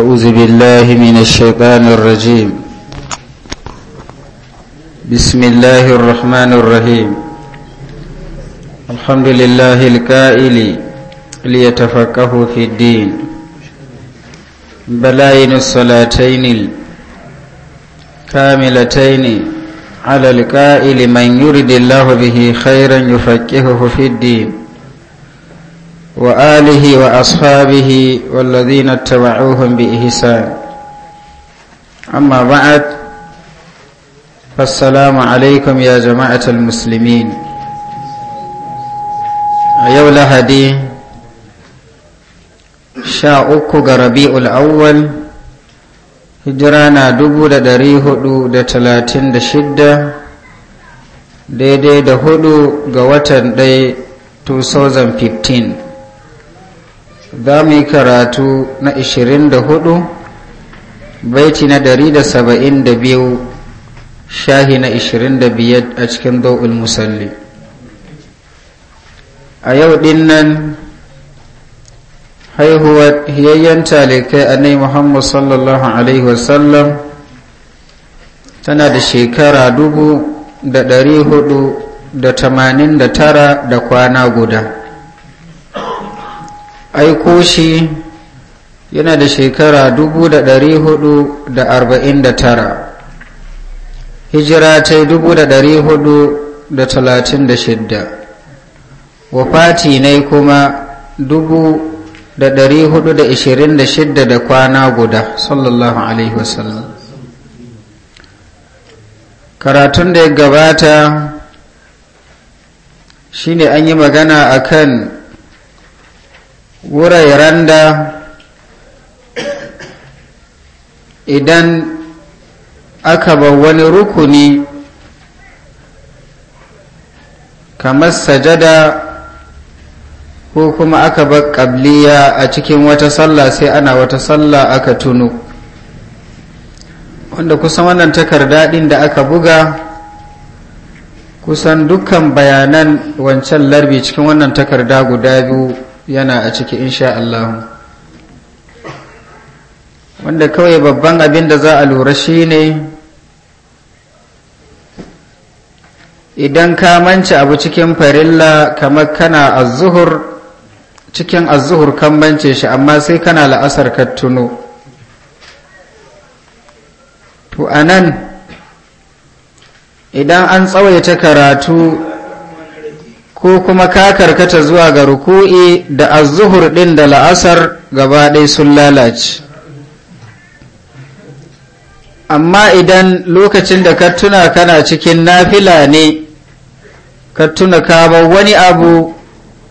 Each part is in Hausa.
أعوذ بالله من الشيطان الرجيم بسم الله الرحمن الرحيم الحمد لله الكائل ليتفقه في الدين بلاين الصلاتين الكاملتين على الكائل من يرد الله به خيرا يفكهه في الدين وآله وأصحابه والذين اتبعوهم بإحسان أما بعد فالسلام عليكم يا جماعة المسلمين yau lahadi sha uku ga rabi'ul awwal hijira na dubu da dari hudu da talatin da shidda daidai da hudu ga watan ɗaya 2015 za mu yi karatu na 24 baiti na 172 shahi na 25 a cikin do'ul musalli a yau din nan haihuwar hiyayyen talikai a nai muhammadu sallallahu alaihi wasallam tana da shekara dubu da dari hudu da tamanin da tara da kwana guda aiko shi yana da shekara dubu da dari hudu da arba'in da tara hijira ta dubu da dari hudu da talatin da shidda ne kuma dubu da dari hudu da ishirin da shidda da kwana guda sallallahu alaihi wasallam karatun da ya gabata shine an yi magana akan wuraren da idan aka ba wani rukuni kamar sajada ko kuma aka ba ƙabliya a cikin wata sallah sai ana wata sallah aka tunu wanda kusan wannan takarda ɗin da aka buga kusan dukkan bayanan wancan larbi cikin wannan takarda guda biyu yana a ciki insha Allah wanda kawai babban abin da za a lura shi ne idan ka manci abu cikin farilla kamar kana azuhur cikin azuhur kan mance shi amma sai kana la'asar ka tuno to anan idan an tsawaita karatu ko kuma ka karkata zuwa ga ruku'i da zuhur ɗin da la'asar gaba ɗaya sun lalace amma idan lokacin da ka tuna kana cikin nafila ne ka tuna ka wani abu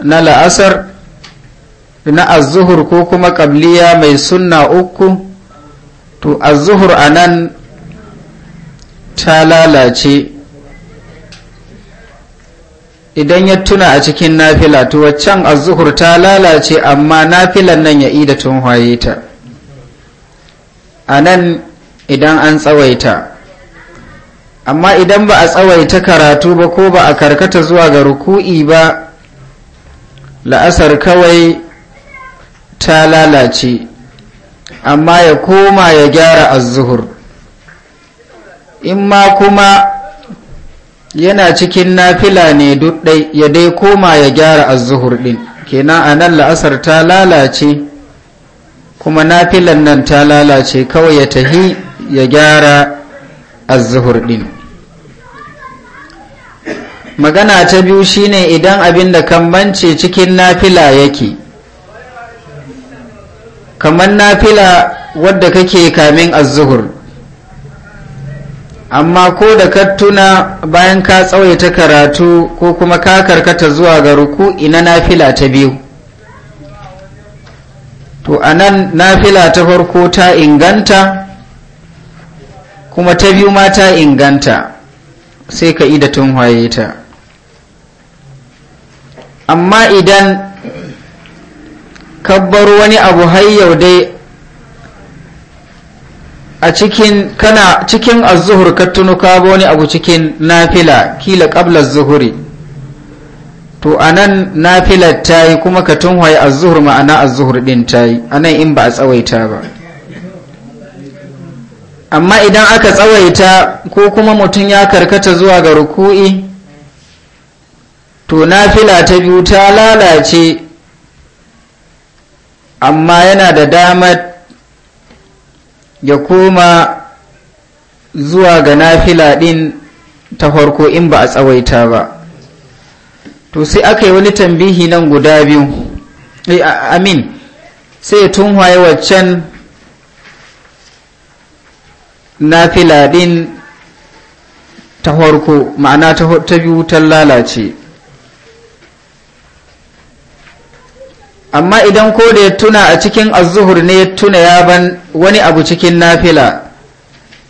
na la'asar na as-zuhur ko kuma ƙabliya mai sunna uku to azzuhur a nan ta lalace idan ya tuna a cikin nafila to waccan zuhur ta lalace amma nafilan nan ya ida tun waye ta a nan idan an tsawaita amma idan ba a tsawaita karatu ba ko ba a karkata zuwa ga ruku'i ba la'asar kawai ta lalace amma ya koma ya gyara zuhur in ma kuma yana cikin nafila ne duk ɗai ya dai koma ya gyara azuhur ɗin kenan a nan la'asar ta lalace kuma nafilan nan ta lalace kawai ya tahi ya gyara azuhur ɗin magana ta biyu shine idan abin da kambance cikin nafila yake kamar nafila wadda kake kamin azuhur amma ko da ka tuna bayan ka ta karatu ko kuma ka karkata zuwa ga ruku na nafila ta biyu to a nan nafila ta farko ta inganta kuma ta biyu ma ta inganta sai ka ida tun waye ta amma idan kabbar wani abu har yau dai a cikin kana cikin azzuhur zuhur ka tuno ka wani abu cikin nafila kila qabla zuhuri to anan nafilar tayi kuma ka tun waye zuhur ma'ana azzuhur zuhur din tayi anan in ba a tsawaita ba amma idan aka tsawaita ko kuma mutum ya karkata zuwa ga ruku'i to nafila ta biyu ta lalace amma yana da damar ya koma zuwa ga nafila ɗin ta farko in ba a tsawaita ba to sai aka yi wani tambihi nan guda biyu eh, amin sai tun tunwaye waccan nafila ɗin ta farko ma'ana ta biyu ta lalace amma idan ko da ya tuna a cikin azuhur ne ya tuna ya ban wani abu cikin nafila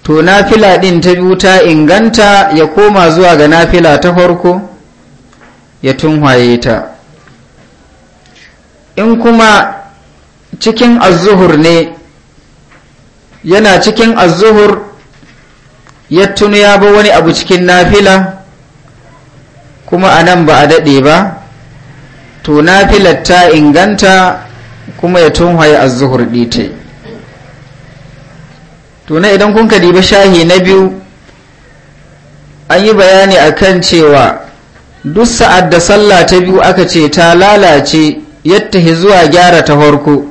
to nafila din ta biyu ta inganta ya koma zuwa ga nafila ta farko ya tunhaye ta in kuma cikin azuhur ne yana cikin azuhur ya tuna ya ba wani abu cikin nafila kuma a nan ba a daɗe ba to na fi ta inganta kuma ya tunhaye a zuhur dite to idan kun kadiba shahi na biyu an yi bayani akan cewa duk sa'ad da sallah ta biyu aka ce ta lalace yadda zuwa gyara ta farko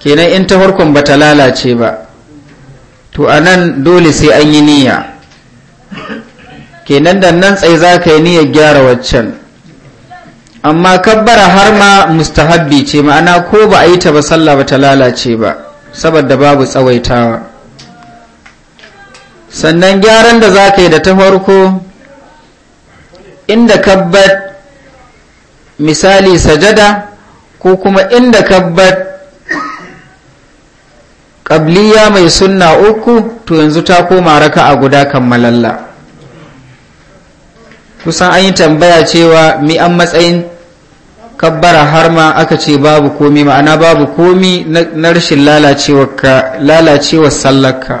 kenan in ta farkon ba ta lalace ba to a nan dole sai an yi niyya kenan da nan tsaye za ka yi niyyar gyara waccan amma kabbara har ma mustahabbi ce ma'ana ko ba a yi ta ba sallah ba ta lalace ba saboda babu tsawaitawa sannan gyaran da za ka yi da ta farko inda kabbat misali sajada ko kuma inda kabbat ƙabliya mai sunna uku to yanzu ta koma raka a guda kammalalla kusan an yi tambaya cewa mi an matsayin kabbara har ma aka ce babu komi ma'ana babu komi na rashin lalacewa sallarka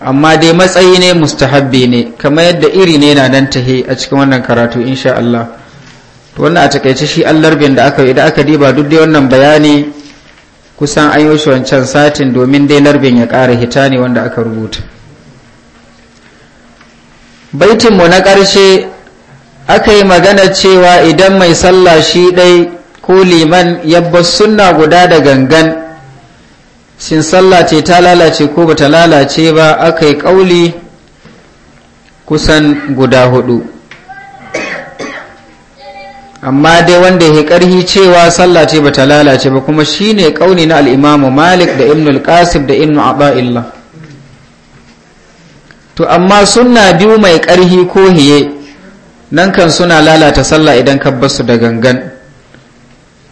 amma dai matsayi ne mustahabbi ne kamar yadda iri ne na nan tahe a cikin wannan karatu insha Allah wannan a takaice shi allarbin da aka da aka diba duk dai wannan bayani kusan an yi wancan satin domin dai larbin ya ƙara hita ne wanda aka rubuta baitinmu na ƙarshe aka yi magana cewa idan mai sallah shi ɗai ko liman yabba sunna guda da gangan shin sallah ce ta lalace ko ba ta lalace ba aka yi ƙauli kusan guda hudu amma dai wanda ya ƙarhi cewa sallah ce ta lalace ba kuma shi ne ƙauni na al'imamu malik da ibn al da da ibn aba'illah to amma sunna biyu mai ƙarhi ko hiye nan kan suna lalata sallah idan ka su da gangan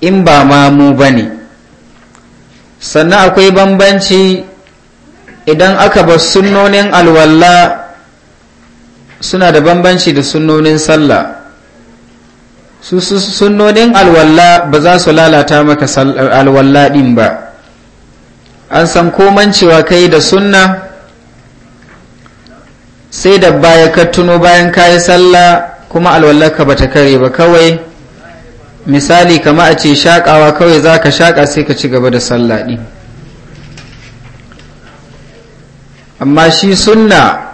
in ba ma mu ba ne sannan akwai bambanci idan aka bar sunnonin alwalla suna da bambanci da sunnonin sallah su sunnonin alwalla ba za su lalata maka alwalla ɗin ba an san koman cewa kai da sunna sai da baya ka tuno bayan kayi sallah kuma alwallarka ba ta kare ba kawai misali kama a ce shaƙawa kawai za ka shaƙa sai ka ci gaba da sallaɗi amma shi sunna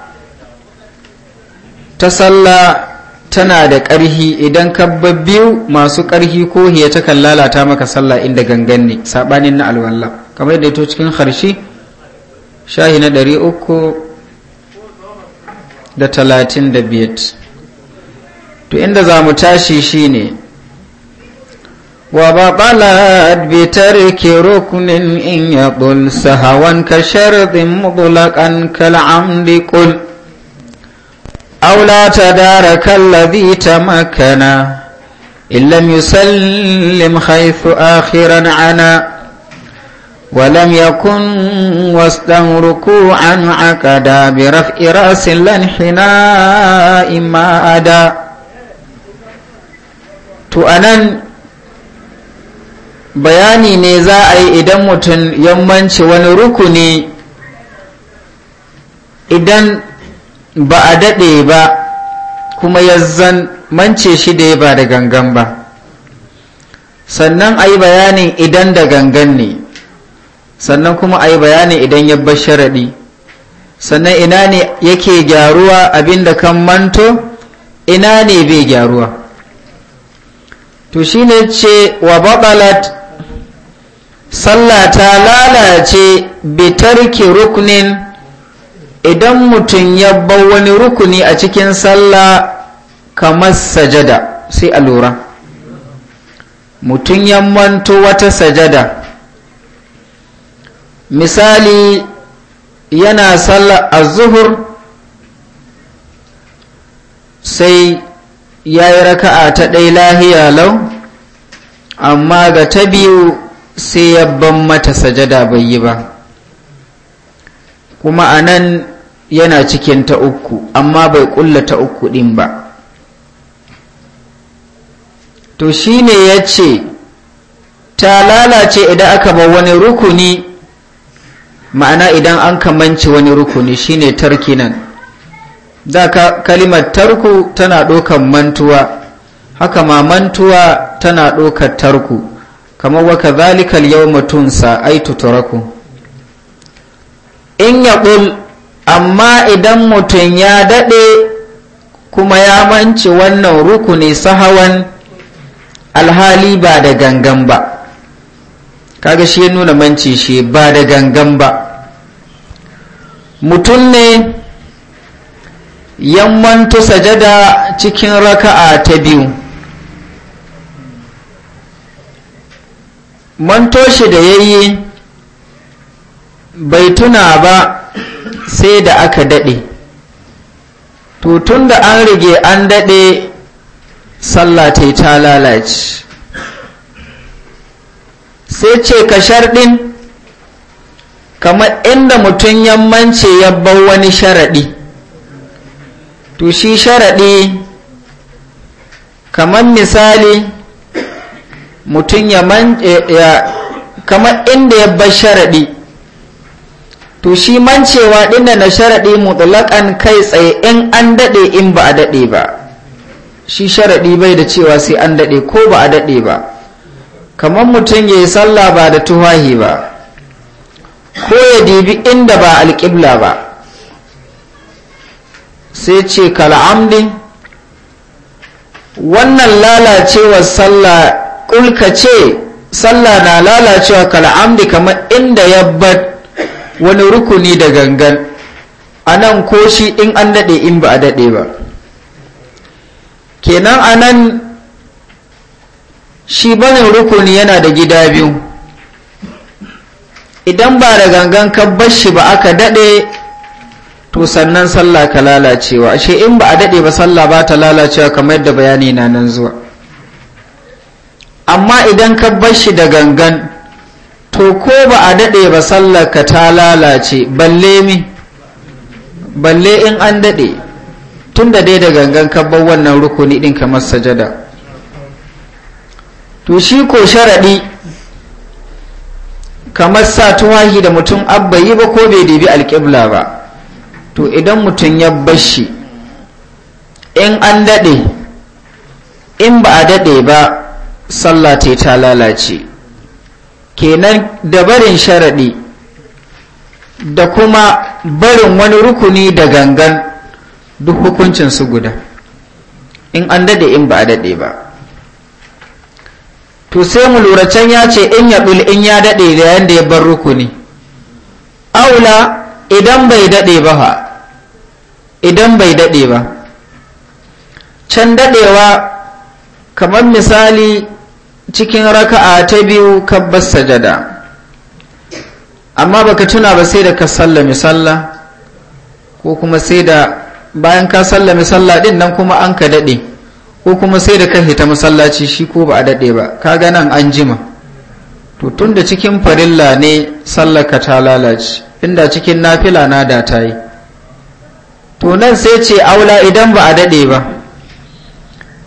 ta sallah tana da ƙarhi idan kabbar biyu masu ƙarhi ko hiya kan lalata maka sallah inda gangan ne saɓanin na alwallah kamar da to cikin harshe shahi na ɗari uku da talatin da biyar to inda za mu tashi shine wa baqalat bi tarki ruknin in yaqul sahawan ka sharadin mutlaqan kal amdi qul aw la tadaraka ta makana. إن لم يسلم حيث آخرا عنا ولم يكن وسطا ركوعا عقدا برفع رأس لا ما أدا to anan bayani ne za a yi idan mutum yammanci wani rukuni idan ba a daɗe ba kuma yazzan mance shi da ya ba da gangan ba sannan a yi bayanin idan da gangan ne sannan kuma a yi bayanin idan ya bar sharaɗi sannan ina ne yake gyaruwa abinda kan manto ina ne bai gyaruwa to ne ce wa babalat sallah ta lalace bitarki rukunin idan mutum ya bar wani rukuni a cikin sallah kamar sajada sai a lura mutum ya manto wata sajada misali yana sallah a zuhur sai ya yi raka'a ta ɗai lahiya lau amma ga ta biyu sai ya ban mata sajada bai yi ba kuma a nan yana cikin ta uku amma bai ƙulla ta uku ɗin ba to shi ne ya ce ta lalace idan aka bar wani rukuni ma'ana idan an kamanci wani rukuni shine nan da ka kalimar tarku tana ɗaukan mantuwa haka ma mantuwa tana ɗaukar tarku kamar wa zalikal yau mutum sa'aitu turaku in ya ƙul amma idan mutum ya daɗe kuma ya manci wannan rukuni sahawan alhali ba da gangan ba kaga shi nuna manci shi ba da gangan ba mutum ne yammanto sajada cikin raka'a ta biyu mantoshi da ya yi bai tuna ba sai da aka daɗe tutun da an rige an daɗe sallah ta ta lalace sai ce ka sharɗin kamar inda mutum yammanci ya bar wani sharaɗi to shi sharaɗi kamar misali mutum ya kamar inda ya bar sharaɗi to shi mancewa ɗinda na sharaɗi mutulakan kai tsaye in an daɗe in ba a daɗe ba shi sharaɗi bai da cewa sai an daɗe ko ba a daɗe ba kamar mutum ya yi sallah ba da tuwahi ba ko ya dibi inda ba alƙibla ba sai ce kal'amdi wannan lalacewar sallah kulka ce sallah na lalacewa kal'amdi kamar inda ya bar wani rukuni da gangan a nan ko shi in an daɗe in ba a daɗe ba kenan a nan shi banin rukuni yana da gida biyu idan ba da gangan kabbar shi ba aka daɗe to sannan sallah ka lalacewa ashe in ba a daɗe ba sallah ba ta lalacewa kamar yadda bayani na nan zuwa amma idan ka bar shi da gangan to ko ba a daɗe ba sallah ka ta lalace balle mi balle in an daɗe tun da dai da gangan ka bar wannan rukuni ɗin kamar sajada to shi ko sharaɗi kamar sa tuwahi da mutum abba yi ba ko bai debi alƙibla ba to idan mutum ya bashi in an daɗe in ba a daɗe ba sallah ta ta lalace kenan da barin sharaɗi da kuma barin wani rukuni da gangan duk su guda in an daɗe in ba a daɗe ba to sai mu lura can ya ce in ya bil in ya daɗe da yadda ya bar rukuni aula idan bai daɗe ba idan bai daɗe ba can daɗewa kamar misali cikin raka'a ta biyu kabbar sajada amma baka tuna ba sai da ka sallami sallah ko kuma sai da bayan ka sallami sallah din nan kuma an ka daɗe ko kuma sai da kan hita masallaci shi ko ba a daɗe ba kaga nan an jima to tun da cikin farilla ne sallaka ta lalace inda cikin nafila na da ta yi to nan sai ce aula idan ba a daɗe ba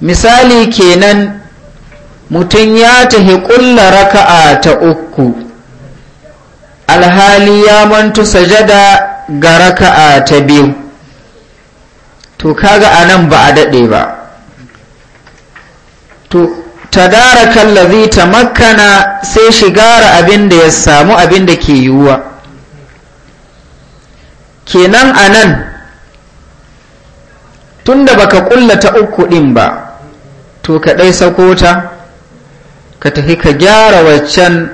misali kenan mutum ya tahi ƙulla raka'a ta uku alhali ya mantu sajada ga raka'a ta biyu to kaga a nan ba a daɗe ba to tadarakan lazi ta makana sai shigara abin da ya samu abin da ke yiwuwa kenan a nan tunda baka kulla ta uku din ba to ka dai sakota ka tafi ka gyara waccan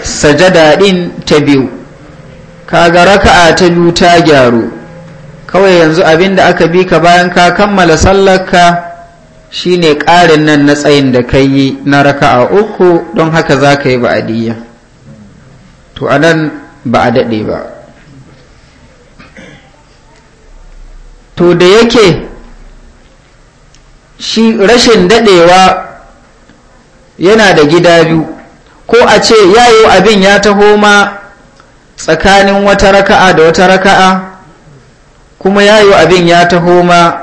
sajada din ta biyu kaga raka'a ta biyu ta gyaru kawai yanzu abin da aka bi ka bayan ka kammala sallarka shine ƙarin nan na tsayin da ka yi na raka'a uku don haka za ka yi ba'adiyya to anan ba a daɗe ba to da yake shi rashin daɗewa yana da gida biyu ko a ce yayo abin ya taho ma tsakanin wata raka'a da wata raka'a kuma yayo abin ya taho ma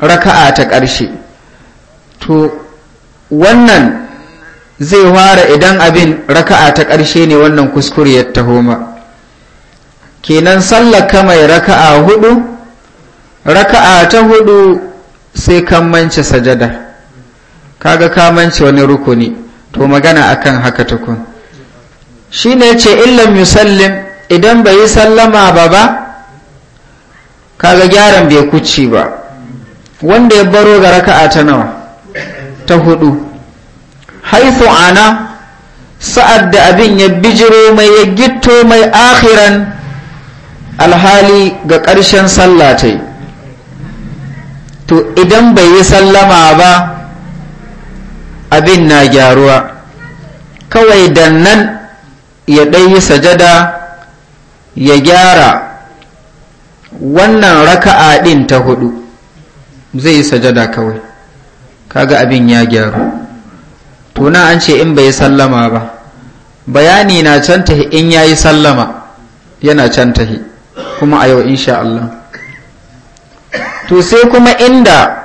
raka'a ta ƙarshe to wannan zai ware idan abin raka'a ta ƙarshe ne wannan kuskure ya taho ma kenan sallar mai raka'a hudu raka'a ta hudu sai mance sajada kaga mance wani rukuni to magana akan haka tukun shi ne ce illan musallim idan bai yi sallama ba ba kaga gyaran bai kuci ba wanda ya baro ga raka'a ta nawa ta hudu haifu ana sa'ad da abin ya bijiro mai ya gitto mai akhiran alhali ga ƙarshen sallatai to idan bai yi sallama ba abin na gyaruwa kawai nan ya ɗayi sajada ya gyara wannan raka'a ɗin ta hudu zai yi sajada kawai kaga abin ya gyaru tuna an ce in bai yi sallama ba bayani na can in ya yi sallama yana can kuma a yau insha Allah to sai kuma inda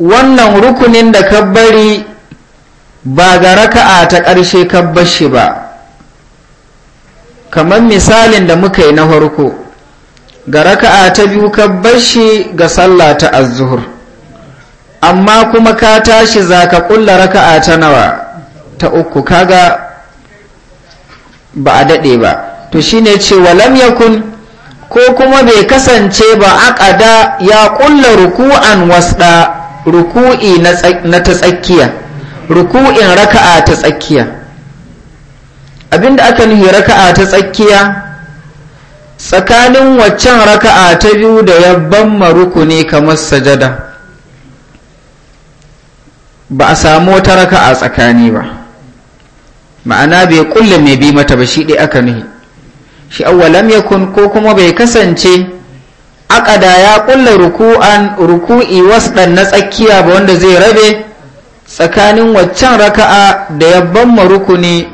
wannan rukunin da ka bari ba ga raka'a ta ƙarshe ka bashi ba kamar misalin da muka yi na farko ga raka'a ta biyu ka bashi ga sallah ta Azuhur, amma kuma ka tashi za ka ƙulla raka'a ta nawa ta uku kaga ba a daɗe ba to shine ce walam yakun ko kuma bai kasance ba aƙada ya ƙulla ruku'an wasɗa ruku'i na ta tsakiya ruku'in raka'a ta tsakiya abinda aka nuhi raka'a ta tsakiya tsakanin waccan raka'a ta biyu da yabban ne kamar sajada ba a samu wata raka'a tsakani ba ma'ana bai ƙulla mai bi mata ba shi ɗaya aka nuhi shi ya kun ko kuma bai kasance aƙada ya ƙulla ruku'an ruku'i wasdan na tsakiya ba wanda zai rabe tsakanin waccan raka'a da ya yabban rukuni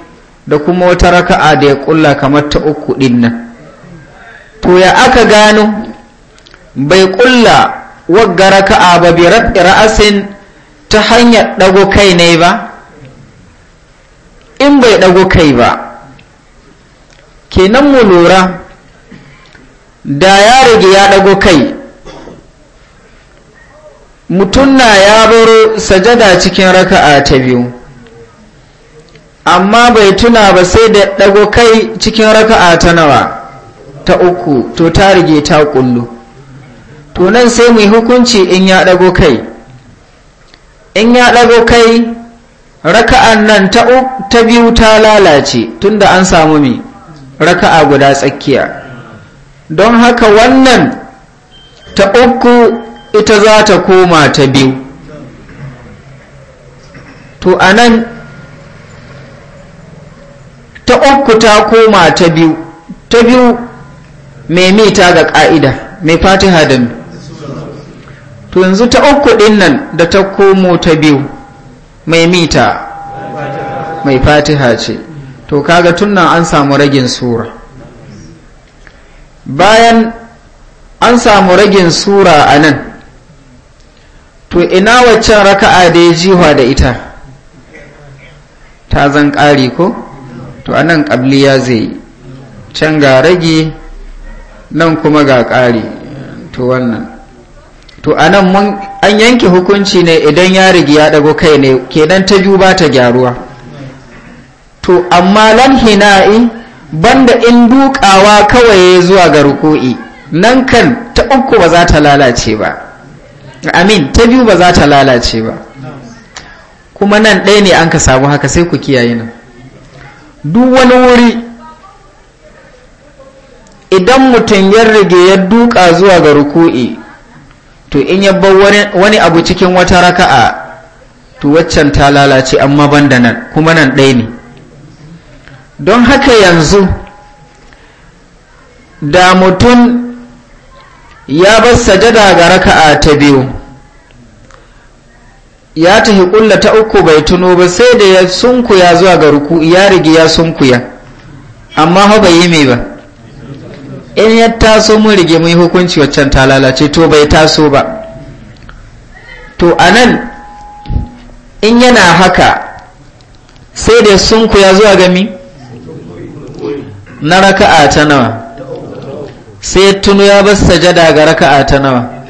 da kuma wata raka'a da ya kulla kamar ta uku nan to ya aka gano bai ƙulla wagga raka'a ba bi ra'asin ta hanyar ɗago kai ne ba in bai ɗago kai ba kenan mu lura da ya rage ya ɗago kai mutum na ya baro sajada cikin raka'a ta biyu amma bai tuna ba sai da ɗago kai cikin raka'a ta nawa ta uku to ta rige ta kullu to nan sai mu yi hukunci in ya ɗago kai in ya ɗago kai raka'an nan ta biyu ta lalace tunda an samu mai raka'a guda tsakiya don haka wannan ta uku ita za ta koma ta biyu to a nan ta uku ta koma ta biyu ta biyu mai mita ga ƙa'ida mai fatiha da to yanzu ta uku ɗin nan da ta komo ta biyu mai mita mai fatiha ce to kaga tunna an samu ragin sura bayan an samu ragin sura a nan to ina waccan raka'a da ya jiwa da ita ta zan ƙari ko to a nan ƙabliya zai can ga rage nan kuma ga ƙari to wannan to a nan an yanke hukunci ne idan ya rigi ya ɗago kai ne kenan ta ju ba ta gyaruwa to amma lan hina'i banda in dukawa kawai ya zuwa ga ruku'i nan kan ta uku ba za ta lalace ba amin ta biyu ba za ta lalace ba kuma nan ɗaya ne an ka samu haka sai ku kiyaye nan duk wani wuri idan mutum ya rage ya duka zuwa ga ruku'i to in ya bar wani abu cikin wata raka'a to waccan ta lalace amma ban da nan kuma nan ɗaya ne don haka yanzu da mutum ya bar sajada ga raka'a ta biyu ya tafi kulla ta uku bai tuno ba sai da ya sunkuya zuwa ga ruku ya rigi ya sunkuya amma ha bai yi mai ba in ya taso mun rige mun yi hukunci waccan ta lalace to bai taso ba to a nan in yana haka sai da sunkuya zuwa ga mi na raka'a ta nawa sai ya tuno ya bar sajada ga raka'a ta nawa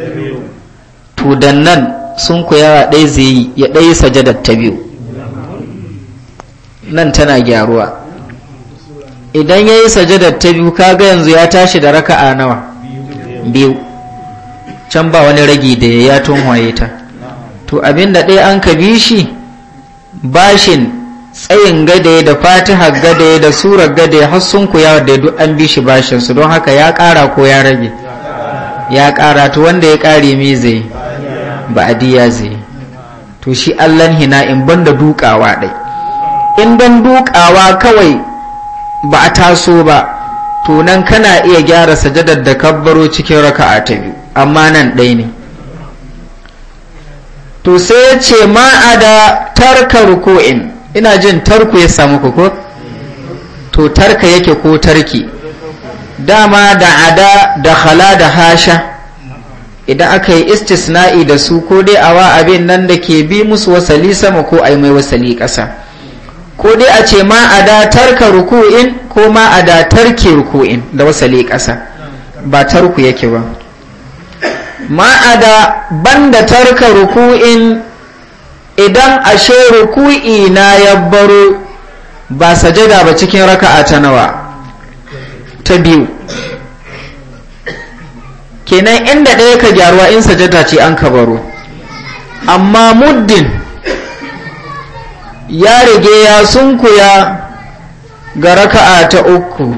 to dan nan sun yawa ɗaya zai yi ya ɗaya sajadar ta biyu nan tana gyaruwa idan ya yi sajada ta biyu kaga yanzu ya tashi da raka'a nawa biyu can ba wani ragi da ya tun ta to abinda ɗaya an ka bi shi bashin tsayin gade da fatihar gade da surar gade har sun kuya da duk an bi shi bashin su don haka ya ƙara ko ya rage ya ƙara to wanda ya ƙare me zai adiya zai to shi allan hina in banda dukawa ɗai in don dukawa kawai ba a taso ba to nan kana iya gyara sajadar da kabbaro cikin raka'a ta biyu amma nan ɗai ne to sai ya ce ma'ada tarka ruku'in ina jin tarku ya samu ku ko to tarka yake ko tarki dama da ada da khala da hasha idan aka yi istisna'i da su ko dai awa abin nan da ke bi musu wasali sama ko ai mai wasali ƙasa ko dai a ce ma ada tarka ruku'in ko ma ada tarki ruku'in da wasali ƙasa ba tarku yake ba ma ada banda tarka ruku'in idan ashe ruku'i na ya baro ba sajada ba cikin raka'a ta nawa ta biyu kenan inda ɗaya ka gyaruwa in sajada ce an ka baro amma muddin ya rige ya sunkuya ga raka'a ta uku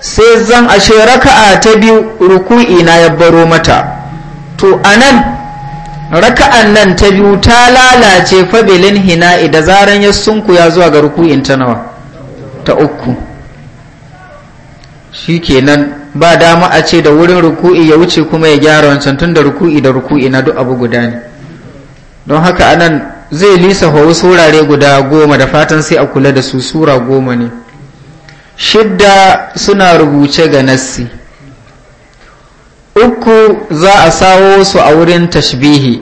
sai zan ashe raka'a ta biyu ruku'i na ya baro mata to anan raka'an nan ta biyu ta lalace fabilin hina'i da zaran ya sunku ya zuwa ga ruku'in ta nawa ta uku shi kenan ba dama a ce da wurin ruku'i ya wuce kuma ya gyara wancan tun da ruku'i da ruku'i na duk abu guda ne don haka anan zai lisa horo surare guda goma da fatan sai a kula da su sura goma ne shidda suna rubuce ga nassi uku za a sawo su a wurin tashbihi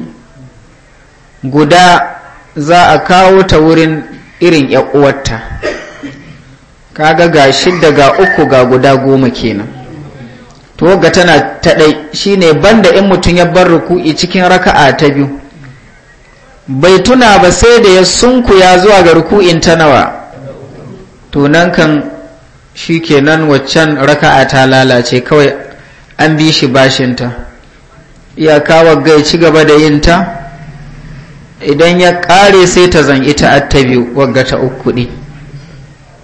guda za a kawo ta wurin irin uwarta kaga ga shidda ga uku ga guda goma kenan to ga tana ta ɗai shine banda in mutum ya bar ruku'i cikin raka'a ta biyu bai tuna ba sai da ya sunkuya zuwa ga ruku'in ta nawa to nan kan shi kenan waccan raka'a ta lalace kawai an bi shi bashinta ya kawo ya ci gaba da yin ta idan ya ƙare sai ta zan ita attabi wagga ta uku ɗi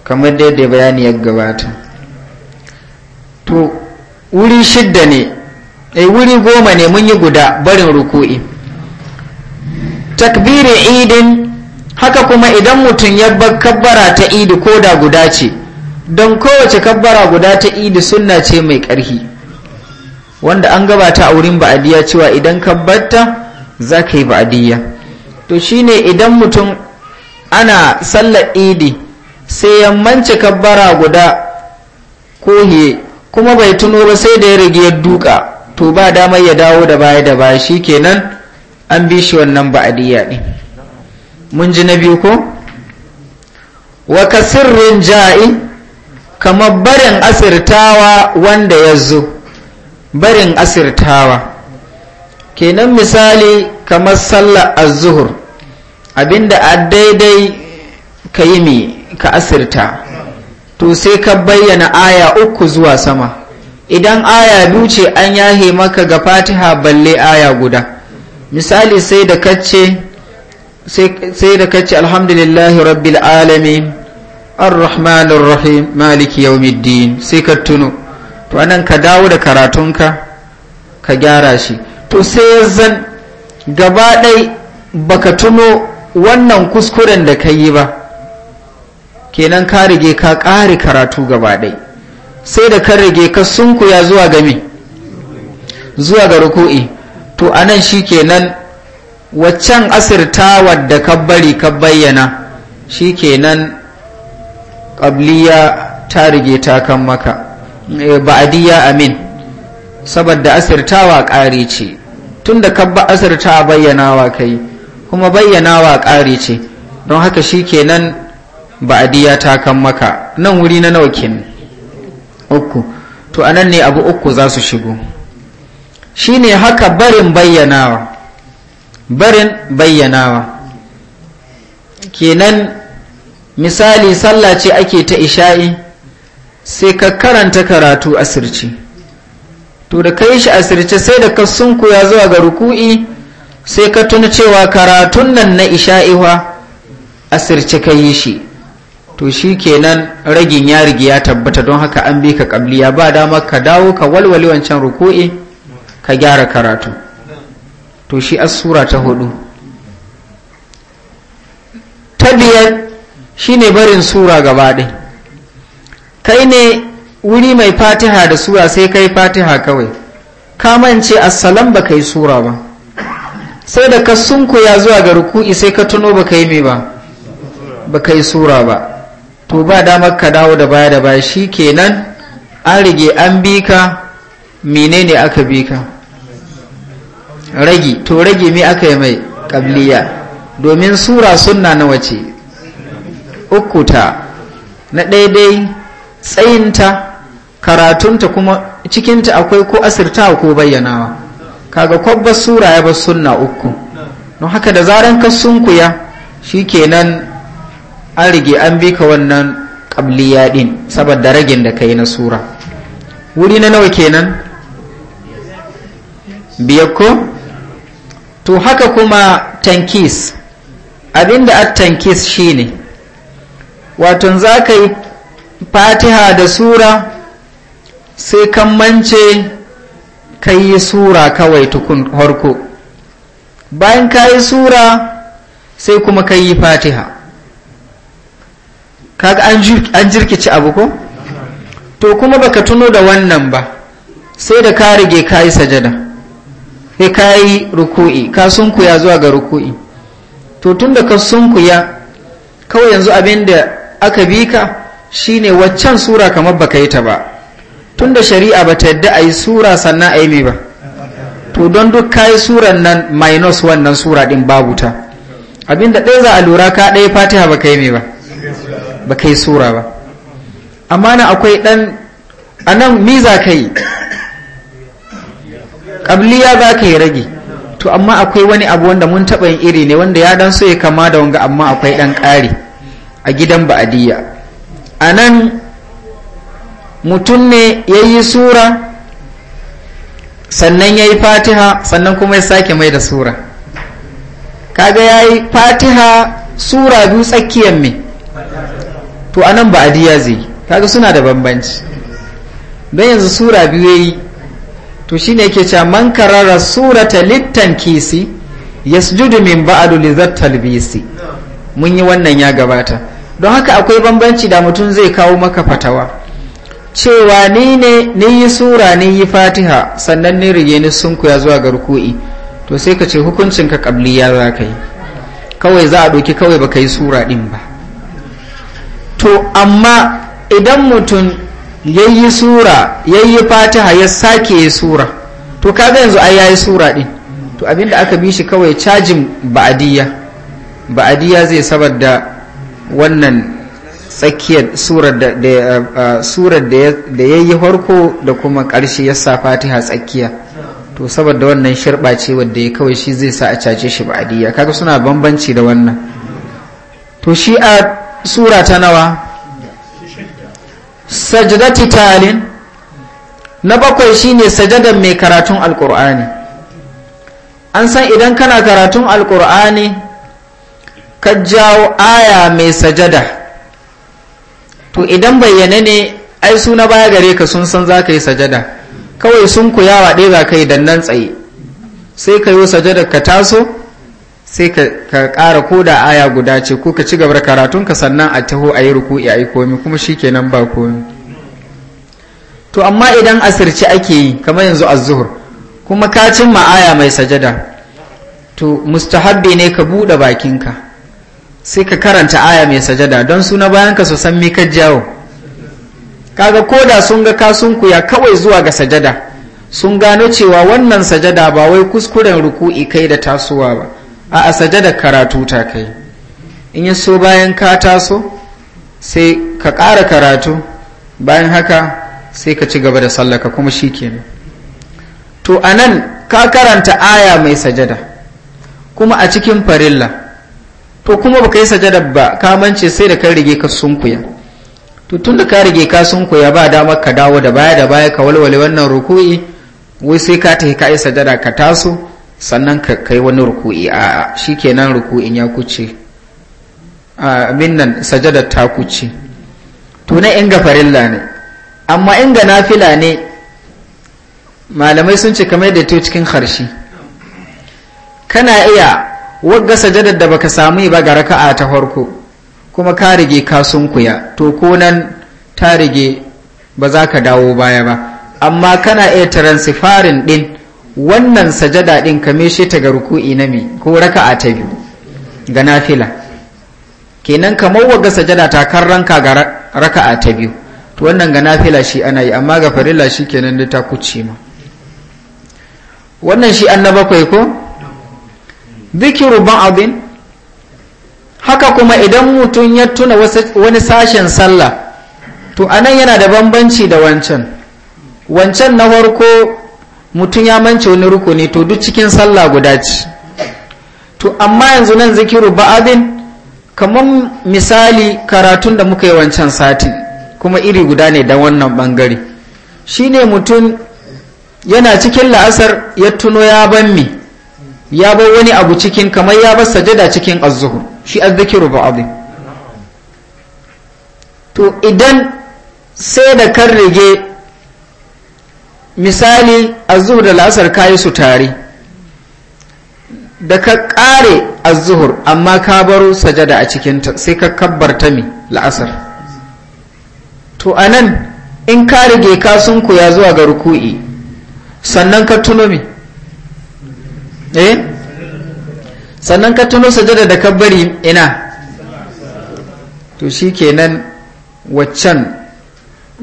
kamar daidai bayani ya gabata to wuri shidda ne ai eh, wuri goma ne mun yi guda barin ruku'i takbiri idin haka kuma idan mutum ya bar kabbara ta idi koda guda ce don kowace kabbara guda ta idi sunna ce mai ƙarfi wanda an gabata a wurin ba'adiyya cewa idan ka batta za ka yi ba'adiyya to shi ne idan mutum ana sallar idi sai ya kabbara guda kohe kuma bai tuno ba sai da ya rage ya duka to ba damar ya dawo da baya da baya shi kenan an bi shi wannan ba'adiyya ne mun ji na biyu ko wa kasirrin ja'i kamar barin asirtawa wanda ya zo barin asirtawa kenan misali kamar sallar azuhur abinda a daidai ka yi mai ka asirta to sai ka bayyana aya uku zuwa sama idan aya duce an yahe maka ga fatiha balle aya guda misali sai da kacce sai da kacce alhamdulillahi rabbil alamin ar-rahmanir rahim maliki yawmiddin sai ka tuno to anan ka dawo da karatunka ka gyara shi to sai zan gaba baka tuno wannan kuskuren da ka yi ba kenan ka rige ka ƙari karatu gaba sai da ka rige ka sunkuya zuwa ga me zuwa ga ruku'i to anan shi waccan asirtawar da ka bari ka bayyana shi kenan ƙabliya ta rige ta kan maka Eh, ba'adiyya amin saboda asirtawa ƙari ce tun da kabba asirta bayyanawa kai kuma bayyanawa ƙari ce don haka shi kenan ba'adiyya ta kan maka nan wuri na nawa uku to a nan ne abu uku za su shigo Shi ne haka barin bayyanawa barin bayyanawa kenan misali sallah ce ake ta isha'i sai ka karanta karatu asirci to da ka yi shi asirce sai da ka sunkuya zuwa ga ruku'i sai ka tuna cewa karatun nan na isha'iwa asirce ka yi shi to shi kenan ragin ya rigi ya tabbata don haka an bi ka kabliya ba dama ka dawo ka walwale wancan ruku'i ka gyara karatu to shi asura ta hudu ta biyar shine barin sura gaba ɗaya kai ne wuri mai fatiha da sura sai kai fatiha kawai ka mance assalam ba kai sura ba sai da ka sunkuya zuwa ga ruku'i sai ka tuno ba kai me ba ba kai sura ba to ba damar ka dawo da baya da baya shi kenan an rige an bi ka menene aka bi ka ragi to rage me aka yi mai kabliya domin sura sunna na wace ukuta na daidai tsayinta karatunta kuma cikinta akwai ko asirta ko bayyanawa kaga kwabbar sura ya bar sunna uku don haka da zaran ka sunkuya shikenan an rige an bi ka wannan qabliya din saboda ragin da kai na sura wuri na nawa kenan biyako to haka kuma tankis abinda at tankis shine waton za ka yi fatiha da sura sai kan mance ka yi sura kawai tukun harko bayan ka yi sura sai kuma ka yi fatiha kaga an jirkici abu ko to kuma baka tuno da wannan ba sai da ka rige ka yi sajada sai ka yi ruku'i ka sunkuya zuwa ga ruku'i to tun da ka sunkuya kawai yanzu abin da aka bi ka shine waccan sura kamar baka yi ta ba tunda shari'a ba ta yadda a yi sura sannan a yi mai ba to don duk kayi suran nan minus wannan sura din babu ta abinda ɗaya za a lura ka ɗaya fatiha baka yi mai ba baka yi sura ba amma na akwai ɗan a nan miza ka yi ƙabliya za ka yi rage to amma akwai wani abu wanda mun taɓa yin iri ne wanda ya dan so ya kama da wanga amma akwai ɗan ƙari a gidan ba'adiyya a nan mutum ne ya yi sura sannan ya yi fatiha sannan kuma ya sake mai da sura kaga ya yi fatiha sura biyu tsakiyar me to a nan ba'adiyya zai kaga suna da bambanci don yanzu sura biyu ya yi to shi ne yake cewa man karara surata littan kisi yasjudu min ba'adu li talbisi mun yi wannan ya gabata don haka akwai bambanci da mutum zai kawo maka fatawa cewa ni ne ni yi sura ni yi fatiha sannan ni rige ni sunkuya zuwa ga ruku'i to sai ka ce hukuncin ka kabliya za ka yi kawai za a ɗauki kawai baka yi sura ɗin ba to amma idan mutum ya yi sura ya yi fatiha ya sake ya sura to kaga yanzu ai ya yi sura ɗin to abinda aka bi shi kawai cajin ba'adiyya ba'adiyya zai da wannan tsakiyar surar da surar ya yi farko da kuma ƙarshe ya sa fatiha tsakiya to saboda wannan shirɓa ce wadda ya kawai shi zai sa a cace shi ba'adiyya kaga suna bambanci da wannan to shi a sura ta nawa sajdati talin na bakwai shine sajadan mai karatun alkur'ani an san idan kana karatun alkur'ani ka jawo aya mai sajada to idan bayyane ne ai su baya gare ka sun san za ka yi sajada kawai sun ku yawa ɗaya za ka yi dannan tsaye sai ka yi sajada ka taso sai ka ƙara ko da aya guda ce ko ka ci gaba karatun ka sannan a taho a yi ruku a yi komi kuma shi nan ba komi to amma idan asirci ake yi kamar yanzu a zuhur kuma ka cimma aya mai sajada to mustahabbi ne ka buɗe bakinka sai ka karanta aya mai sajada don suna bayan ka su san me ka jawo kaga koda sun ga kasunkuya kawai zuwa ga sajada sun gano cewa wannan sajada ba wai kuskuren ruku'i kai da tasowa ba a a sajada karatu ta kai in ya so bayan ka taso sai ka ƙara karatu bayan haka sai ka ci gaba da sallaka kuma shi kenan to anan ka karanta aya mai sajada kuma a cikin farilla to kuma baka yi sajadar ba ka mance sai da ka rige ka sunkuya to tun ka rige ka sunkuya ba dama ka dawo da baya da baya ka walwale wannan ruku'i wai sai ka tafi ka yi sajada ka taso sannan ka kai wani ruku'i a shikenan ruku'in ya kuce a nan sajadar ta kuce to na in ga farilla ne amma in ga nafila ne malamai sun ce kamar da to cikin harshe kana iya wagga sajadar da baka samu ba ga raka'a ta farko kuma ka rige ka sunkuya to ko nan ta rige ba za ka dawo baya ba amma kana iya taransifarin din wannan sajada din ka meshe ta ga ruku'i na me ko raka'a ta biyu ga nafila kenan kamar wagga sajada ta karranka ga raka'a ta biyu to wannan ga nafila shi ana yi amma ga farilla shi kenan da ta kuce ma wannan shi an na bakwai ko zikiru ba'adin haka kuma idan mutum ya tuna wani sashen sallah to anan yana da bambanci da wancan wancan na farko mutum ya mance wani rukuni to duk cikin sallah guda ce to amma yanzu nan zikiru ba'adin kamar misali karatun da muka yi wancan sati kuma iri guda ne da wannan bangare shine mutum yana cikin la'asar ya tuno ya ban mi ya bar wani abu cikin kamar ya bar sajada cikin az shi az-zikiru azim to idan sai da kan rige misali az da la'asar kayi su tare da ka kare az amma ka baro sajada a cikin ta sai ka kabbarta mi la'asar to anan in ka rige ka sunku ya zuwa ga ruku'i sannan ka tuno mi eh sannan ka tuno sajada da ka bari ina to shi kenan waccan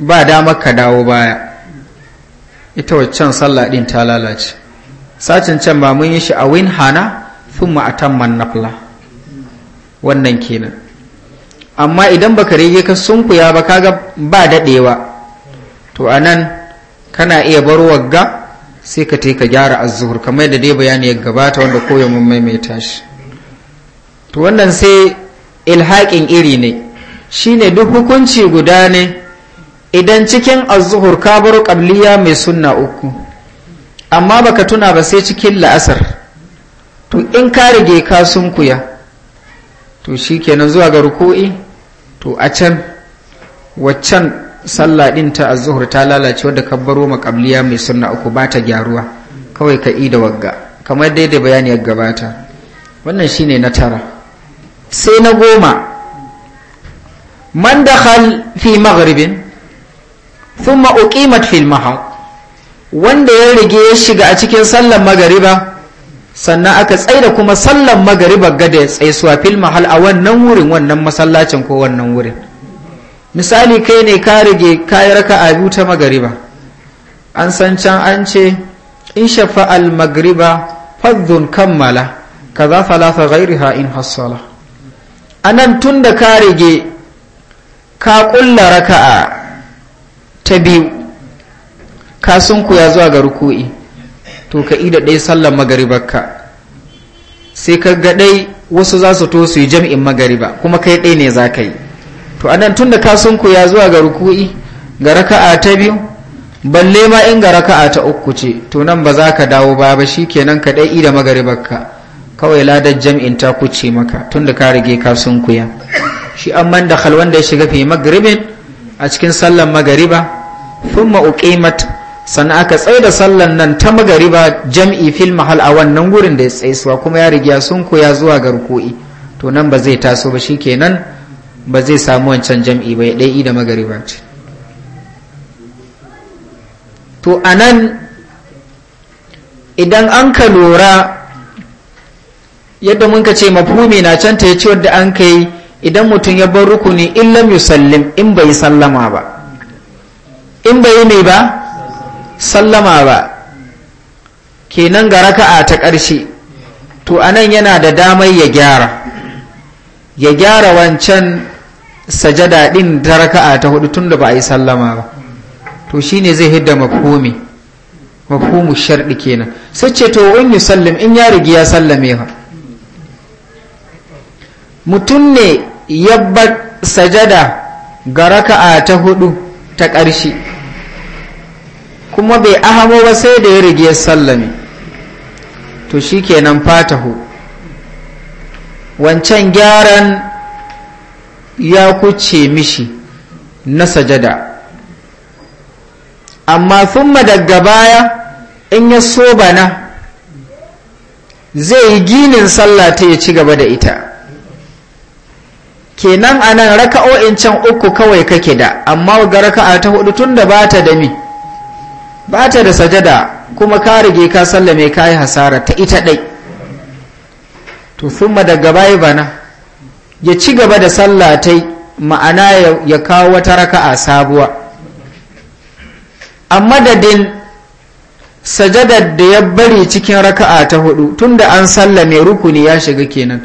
ba dama ka dawo baya ita waccan sallah din ta lalace sacin can ba mun yi shi a win hana sun atamman nafla wannan kenan amma idan baka rige ka sunkuya ba kaga ba daɗewa to anan kana iya bar wagga sai ka ka gyara azuhur kamar da dai bayani ya gabata wanda koyon mun maimaita shi to wannan sai ilhaƙin iri ne shine duk hukunci guda ne idan cikin azuhur ka baro ƙabliya mai sunna uku amma baka tuna ba sai cikin la'asar to in ka rige ka sun kuya to shikenan zuwa ga ruku'i to a can waccan sallah din ta azzuhur ta lalace wadda ka baro makabliya mai sunna uku ba ta gyaruwa kawai ka da wagga kamar daidai bayani ya gabata wannan shine na tara sai na goma man dakhal fi maghribin thumma uqimat fil mahad wanda ya rige ya shiga a cikin sallar magariba sannan aka tsaida kuma sallar magariba gada ya tsaisuwa fil mahal a wannan wurin wannan masallacin ko wannan wurin misali kai ne ka rage kayi raka biyu ta magariba an san can an ce in shafa al magriba fadhun kammala lafa gairi ha in hassala nan tun da ka rage ka kulla raka a ta biyu ka ya zuwa ga ruku'i to ka ida ɗaya sallar magaribarka sai ka ga ɗai wasu za su to su yi jam'in magariba kuma kai ɗai ne za ka yi to anan tun da sun ya zuwa ga ruku'i ga raka'a ta biyu balle ma in ga raka'a ta uku ce to nan ba za ka dawo ba ba shikenan ka dai da magaribarka kawai ladar jam'in ta kuce maka tun da ka rige kasunku ya shi an man da khalwan da ya shiga fi magribin a cikin sallan magariba thumma uqimat sannan aka tsaye da sallan nan ta magariba jam'i fil mahal a wannan gurin da ya tsaisuwa kuma ya rige sun ya zuwa ga ruku'i to nan ba zai taso ba shikenan ba zai samu wancan jam'i ba ya ɗai'i da magariba ce to a idan an ka lura yadda mun ka ce mafhumi na canta ta ya ci wadda an ka yi idan mutum ya bar rukuni in lam sallim in bai sallama ba in bai mai ba sallama ba kenan ga raka'a ta ƙarshe to anan yana da damar ya gyara ya gyara wancan sajada din ta raka'a ta hudu tun da ba a yi sallama ba to shine zai hidda mafhumi mafhumu sharɗi kenan sai ce to wani in ya rigi ya sallame fa mutum ne yabbar sajada ga raka'a ta hudu ta ƙarshe kuma bai ahamo ba sai da ya rigi ya sallame to shi kenan fatahu wancan gyaran ya kuce mishi na sajada amma thumma daga baya in ya so bana zai yi ginin sallah ta ya ci gaba da ita kenan a nan raka'o'in can uku kawai kake da amma ga raka'a ta hudu tun da ba ta da ba ta da sajada kuma ka rige ka sallame ka yi hasara ta ita ɗai to sun daga baya bana ya ci gaba da sallatai ma'ana ya kawo wata raka'a sabuwa a madadin sajadar da ya bari cikin raka'a ta hudu tunda an sallame rukuni ya shiga kenan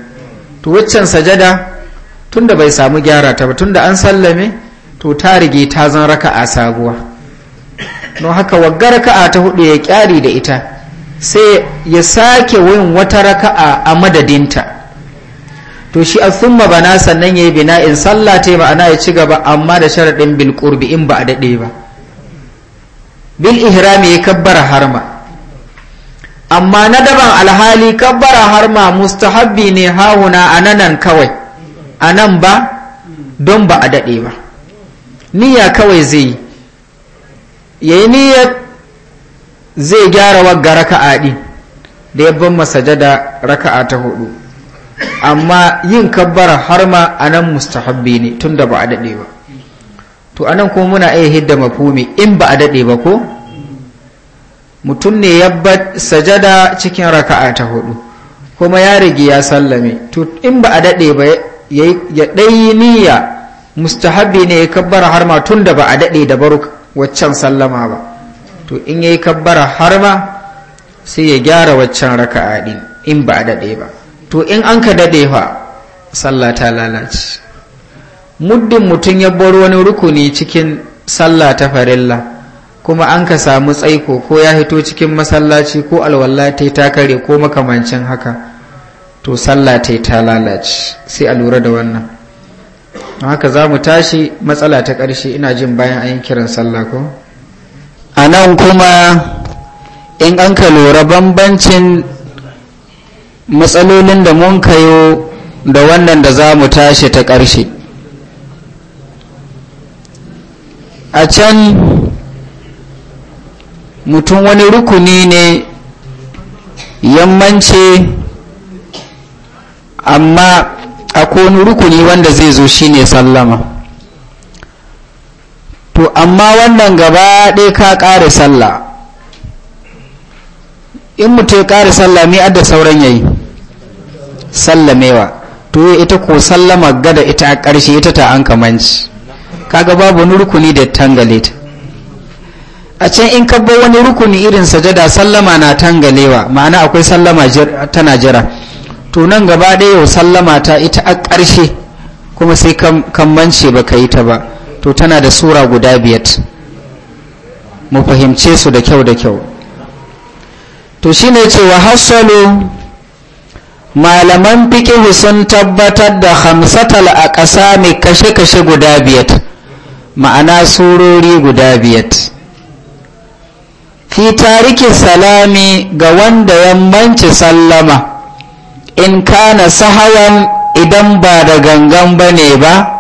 to waccan sajada tunda bai samu gyara ta ba tunda an sallame to ta rige ta zan raka'a sabuwa don haka wagga raka'a ta hudu ya kyari da ita sai ya sake yin wata raka'a a madadinta to shi thumma bana sannan ya yayi in sallah ta ma'ana ya ci gaba amma da sharadin bil qurbi in ba a dade ba bil ihrami ya kabbara harma amma na daban alhali kabbara harma mustahabbi ne hahuna ananan kawai anan ba don ba a dade ba niyya kawai zai yayi niyyar zai gyara wagga raka'a din da yabban masajada raka'a ta hudu amma yin kabbara har ma a nan mustahabbi ne tun da ba a daɗe ba to a nan kuma muna iya hidda mafumi in ba a daɗe ba ko mutum ne ya sajada cikin raka'a ta hudu kuma ya rigi ya sallame to in ba a daɗe ba ya ɗayi niyya mustahabbi ne ya kabbara har ma tun da ba a daɗe da baruk waccan sallama ba to in ya yi kabbara har ma sai ya gyara waccan raka'a ɗin in ba a daɗe ba to in an ka daɗe fa sallah ta lalace muddin mutum ya bar wani rukuni cikin sallah ta farilla kuma an ka samu tsaiko ko ya hito cikin masallaci ko alwala ta ta kare ko makamancin haka to sallah ta ta lalace sai a lura da wannan haka za mu tashi matsala ta ƙarshe ina jin bayan an yi kiran sallah ko a nan kuma in an ka lura bambancin matsalolin da mun kayo da wannan da za mu tashi ta ƙarshe a can mutum wani rukuni ne yammance amma a wani rukuni wanda zai zo shi ne sallama to amma wannan gaba ɗaya ka ƙare sallah in mutum ya ƙare sallah mi adda sauran yayi sallamewa to ita ko sallama gada ita a ƙarshe ita ta an kamanci kaga babu wani rukuni da tangale ta a can in kabba wani rukuni irin sajada sallama na tangalewa ma'ana akwai sallama tana jira to nan gaba ɗaya yau sallama ta ita a ƙarshe kuma sai kammance ba ka yi ta ba to tana da sura guda biyat mu fahimce su da kyau da kyau to shine cewa hassalu malaman fikihu sun tabbatar da hamsatal a ƙasa mai kashe-kashe guda biyat ma'ana surori guda biyat fi tariki salami ga wanda yammanci sallama in kana sahawan idan ba da gangan ba ne ba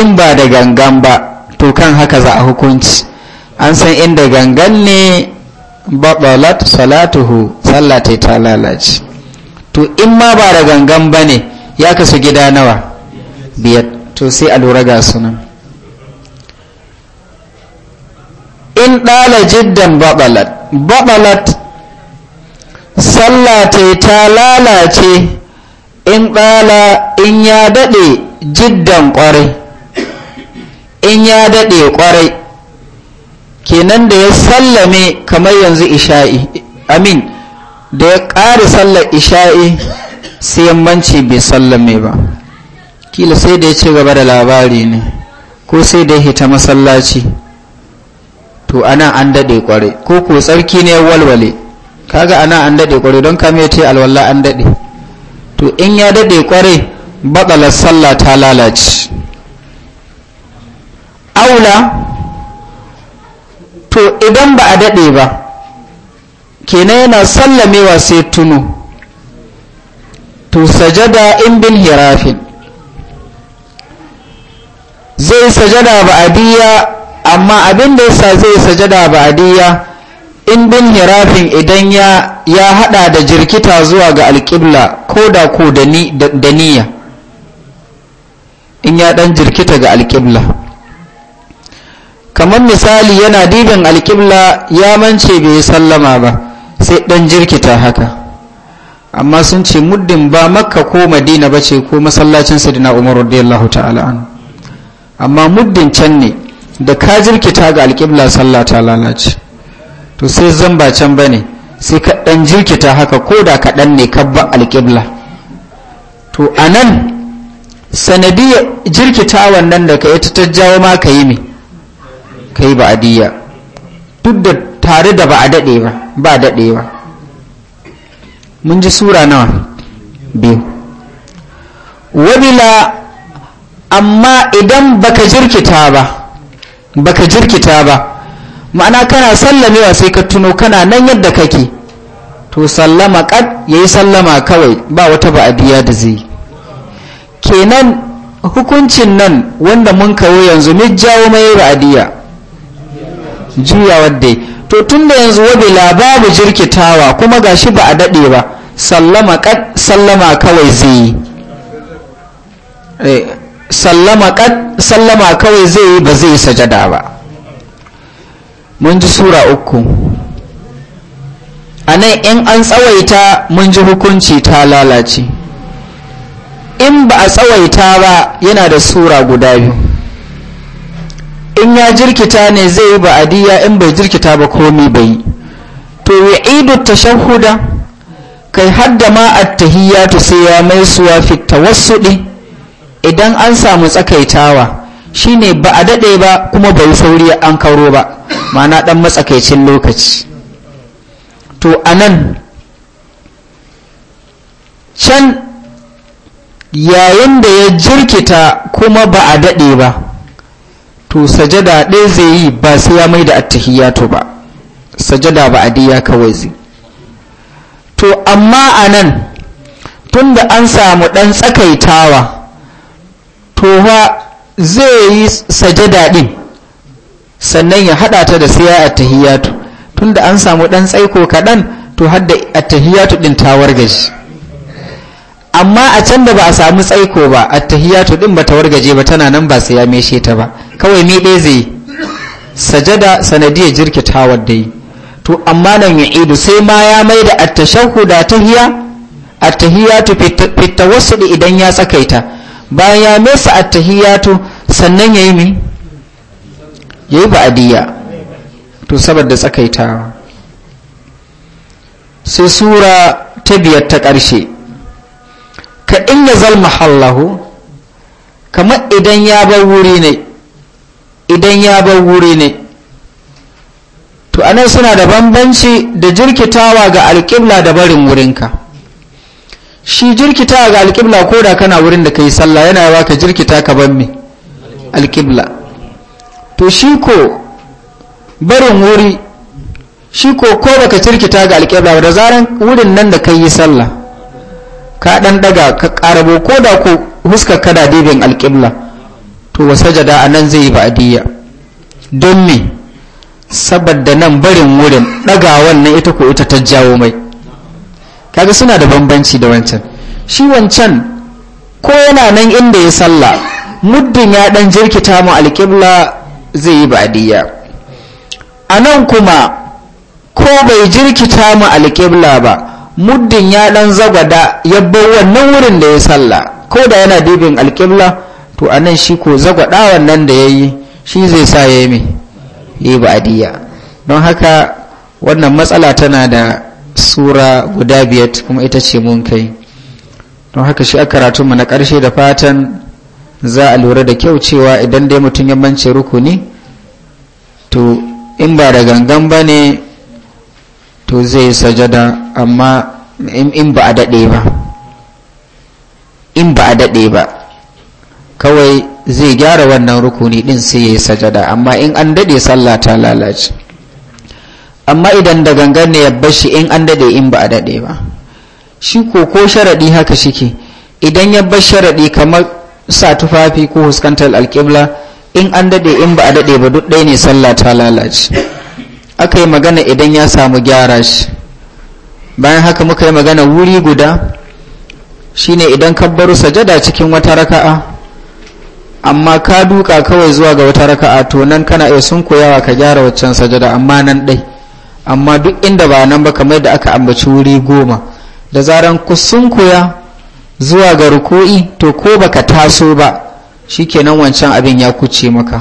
in ba da gangan ba to kan haka za a hukunci an san inda gangan ne baɓalat salatuhu sallata ta lalace to in ma ba da gangan ba ne ya kasu gida nawa biyar to sai a lura ga sunan in ɗala jiddan baɓalat baɓalat sallata ta lalace in ɗala in ya daɗe jiddan ƙwarai in ya daɗe ƙwarai kenan da ya sallame kamar yanzu isha'i amin da ya ƙari sallar isha'i sai yammanci bai sallame ba kila sai da ya ci gaba da labari ne ko sai da ya hita masallaci to ana an daɗe ƙware ko ko tsarki ne walwale kaga ana an daɗe ƙware don ya ce alwala an daɗe to in ya daɗe ƙware batsalar sallah ta lalace aula to idan ba a daɗe ba kenan yana sallamewa sai tuno to sajada in bin hirafin zai sajada ba'adiyya amma abin da yasa zai sajada ba'adiyya in bin hirafin idan ya ya hada da jirkita zuwa ga alƙibla ko da ko da niyya in ya dan jirkita ga alƙibla kamar misali yana dibin alƙibla ya mance bai sallama ba sai ɗan jirkita haka amma sun ce muddin ba makka ko madina ba ce ko masallacin sadina umar radiyallahu ta'ala an amma muddin can ne da ka jirkita ga alƙibla sallah ta lalace to sai zan ba can bane sai ka ɗan jirkita haka ko da kaɗan ne ka ba alƙibla to a nan sanadiyar jirkita wannan da ka yi ta jawo ma ka yi me ka yi duk da tare da ba a daɗe ba ba daɗewa mun ji sura nawa biyu wabila amma idan baka jirkita ba baka jirkita ba ma'ana kana sallamewa sai ka tuno kana nan yadda kake to sallama kad yayi sallama kawai ba wata ba'adiya da zai kenan hukuncin nan wanda mun kawo yanzu mai jawo mai ba'adiya juya wadda to tun da yanzu wabila babu jirkitawa kuma gashi ba a daɗe ba sallama kat sallama kawai zai yi eh, sallama kad sallama kawai zai yi ba zai sajada ba mun ji sura uku a nan in an tsawaita mun ji hukunci ta lalace in ba a tsawaita ba yana da sura guda biyu in ya jirkita ne zai yi ba'adiyya in bai jirkita ba komi bai yi to ya idu ta shahuda kai hadda ma ta sai ya mai suwa wasu ɗi idan an samu tsakaitawa shine ba a daɗe ba kuma bai sauri an karo ba ma'ana ɗan matsakaicin lokaci to a nan can yayin da ya jirkita kuma ba a daɗe ba to sajada ɗaya zai yi ba sai ya mai da attahiyatu ba sajada ba adiya kawai zai to amma a nan tun da an samu ɗan tsakaitawa to ba zai yi sajada ɗin sannan ya haɗa ta da sai ya attahiyatu tun da an samu ɗan tsaiko kaɗan to har da attahiyatu ɗin ta wargaje amma a can da ba a samu tsaiko ba attahiyatu ɗin ba ta wargaje ba tana nan ba sai ya meshe ta ba kawai ni ɗaya zai sajada sanadiyar jirkitawar dai to amma nan ya idu sai ma ya mai da da tahiya wasu wasu idan ya tsakaita bayan ya mesa attahiyatu sannan ya yi mai Ya yi ba'diya to saboda tsakaitawa sai sura ta biyar ta ƙarshe ka in ya zalma hallahu kamar idan ya bar wuri ne idan ya bar wuri ne to anan suna da bambanci da jirkitawa ga alƙibla da barin wurinka shi jirkitawa ga alƙibla ko da kana wurin da ka yi sallah yana yawa ka jirkita ka ban me alƙibla to shi ko barin wuri shi ko ko baka jirkita ga alƙibla da zaran wurin nan da ka yi sallah ka ɗan ɗaga ka ƙarabo ko da ku huskar kada dibin alƙibla to wa sajada a nan zai yi ba'adiyya don me saboda nan barin wurin ɗagawan wannan ita ko ita ta jawo mai kaga suna da bambanci da wancan shi wancan ko yana nan inda ya salla muddin ya ɗan jirkita mu alƙibla zai yi ba'adiyya a nan kuma ko bai jirkita mu alƙibla ba muddin ya ɗan zagwada ya bar wannan wurin da ya salla ko da yana dibin alƙibla to a nan shi ko zagwada wannan da ya yi shi zai sa ya yi mai yi don haka wannan matsala tana da sura guda biyar kuma ita ce mun kai don haka shi a karatunmu na karshe da fatan za a lura da kyau cewa idan dai mutum ya mance rukuni to in ba da gangan ba ne to zai sajada amma in ba a daɗe ba in ba a daɗe ba kawai zai gyara wannan rukuni din sai ya yi sajada amma in an dade sallah ta lalace amma idan da gangan ne ya bashi in an dade in ba a dade ba shi ko ko sharadi haka shike idan ya bar sharadi kamar sa tufafi ko huskantar alƙibla in an dade in ba a dade ba duk ɗaya ne sallah ta lalace aka yi magana idan ya samu gyara shi bayan haka muka yi magana wuri guda shine idan kabbaru sajada cikin wata raka'a amma ka duka kawai zuwa ga wata raka'a to nan kana iya sun koyawa ka gyara waccan sajada amma nan dai amma duk inda ba nan ba kamar da aka ambaci wuri goma da zaran ku sun koya zuwa ga ruku'i to ko baka taso ba shi shikenan wancan abin ya kuce maka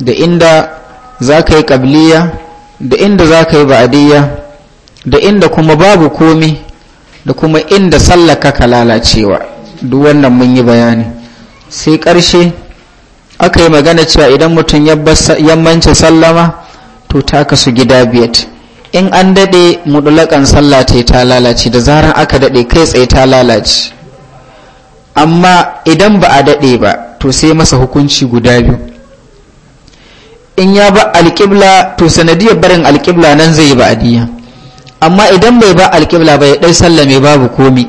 da inda za ka yi kabiliya da inda za ka yi ba'adiyya da inda kuma babu komi da kuma inda sallaka ka lalacewa duk wannan mun yi bayani sai ƙarshe aka yi magana cewa idan mutum yammanci sallama to ta kasu gida biyat in an daɗe mudulakan sallah ta yi ta lalace da zaran aka daɗe kai tsaye ta lalace amma idan ba a daɗe ba to sai masa hukunci guda biyu in ya ba alƙibla to sanadiyar barin alƙibla nan zai ba adiya amma idan bai ba alƙibla bai ya ɗai sallame babu komi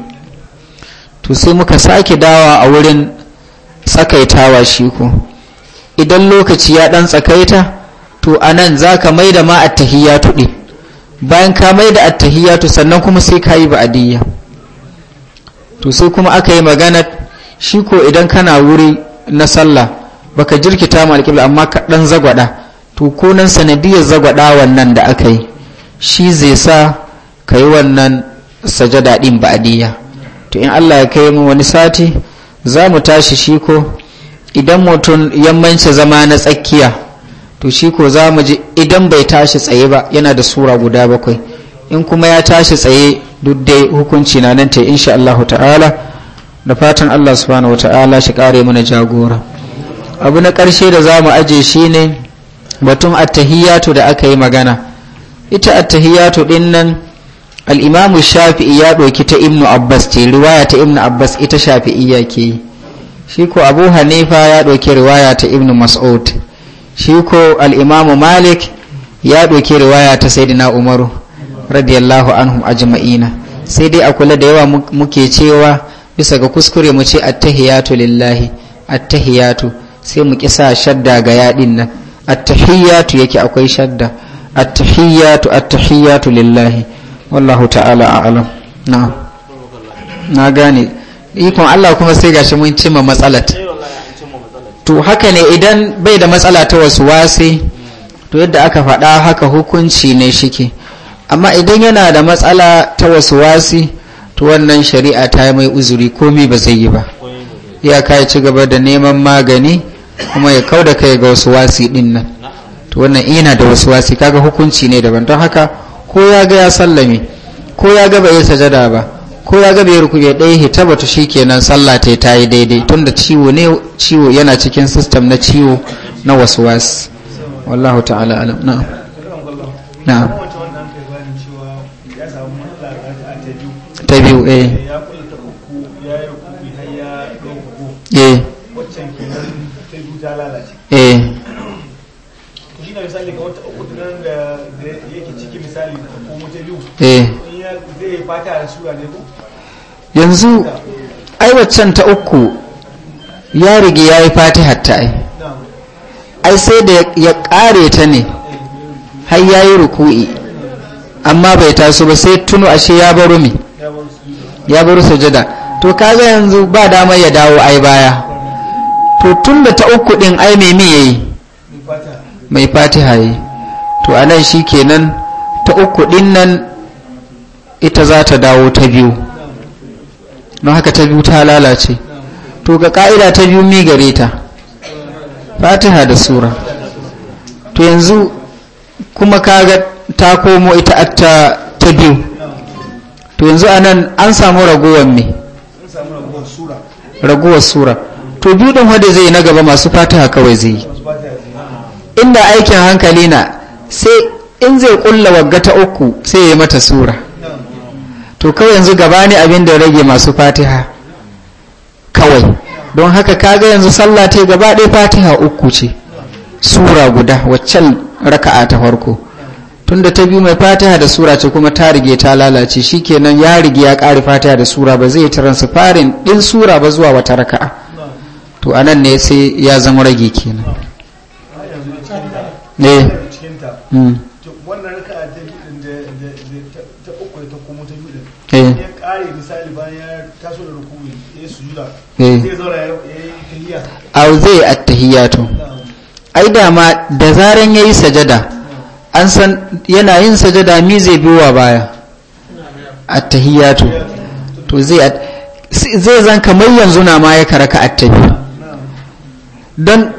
to sai muka sake dawa a wurin tsakaitawa shi ko idan lokaci ya dan tsakaita to anan za ka mai da ma attahiyatu ɗin bayan ka mai da attahiyatu sannan kuma sai ka yi ba'adiyya to sai kuma aka yi magana shi ko idan kana wuri na sallah baka jirkita ma alƙibla amma ka dan zagwada to ko nan sanadiyar zagwada wannan da aka yi shi zai sa ka wannan sajada din ba'adiyya to in Allah ya kai mu wani sati za mu tashi shi ko idan mutum yammanci zama na tsakiya to shi ko za mu ji idan bai tashi tsaye ba yana da sura guda bakwai in kuma ya tashi tsaye duk dai hukunci na nan ta insha Allah ta'ala da fatan Allah subhanahu ta'ala shi kare mana jagora abu na ƙarshe da za mu aje shi ne batun attahiyatu da aka yi magana ita attahiyatu din nan al'imamu shafi'i ya ɗauki ta ibnu abbas ce riwaya ta ibnu abbas ita ya ke shi ko abu hanifa ya ɗauki riwaya ta ibnu mas'ud shi ko al'imamu malik ya ɗauki riwaya ta saidina umaru radiyallahu anhum ajma'ina sai dai a kula da yawa muke cewa bisa ga kuskure mu ce attahiyatu lillahi attahiyatu sai mu kisa shadda ga yadin nan attahiyatu yake akwai shadda attahiyatu attahiyatu lillahi wallahu ta'ala a'lam na'am na gane ikon Allah kuma sai gashi mun cimma matsalat eh, to haka ne idan bai da matsala ta wasu wasi to yadda aka faɗa haka hukunci ne shike amma idan yana da matsala ta wasu wasi to wannan shari'a ta yi mai uzuri komi ba zai yi ba iyaka ya ci gaba da neman magani kuma ya kau da kai ga wasu wasi ɗin nan to wannan yana da wasu wasi kaga hukunci ne daban don haka ko ya ga ya sallame ko ya ga bai sajada ba ko ya ga bai rukube ɗaya hita shi shikenan sallah ta ta yi daidai tunda ciwo ne ciwo yana cikin system na ciwo na waswas wallahu ta'ala alam na'am na'am ta biyu eh eh eh Eh. yanzu ai ta uku ya rige yi fati hatta ai ai sai da ya kare ta ne har yi ruku'i amma bai taso ba sai tuno ashe ya baro mi ya baro sujada to kaga yanzu ba damar ya dawo ai baya to tun da ta uku din ai mai me yayi mai fatiha yi to anan shikenan ta uku din nan ita za ta dawo ta biyu don haka ta biyu ta lalace to ga ka'ida ta biyu mi gare ta fatiha da sura to yanzu kuma kaga ta komo ita atta ta biyu to yanzu anan an samu raguwar me raguwar sura to biyu don wadda zai na gaba masu fatiha kawai zai yi inda aikin hankali na sai in zai kulla wagga ta uku sai ya mata sura to kawai yanzu gaba ne abin da rage masu fatiha kawai don haka kaga yanzu sallah ta gaba ɗaya fatiha uku ce sura guda waccan raka'a ta farko tunda ta biyu mai fatiha da sura ce kuma ta rige ta lalace shikenan ya rige ya ƙare fatiha da sura ba zai farin din sura ba zuwa wata raka'a to anan ne sai ya zama rage kenan ne Eh. ya da ya eh. zai yi au zai attahiyatu ai da ma da zaran yayi sajada an san yana yin sajada mi zai biyowa baya attahiyatu to zai zai zan kamar yanzu na ma ya karaka attabi don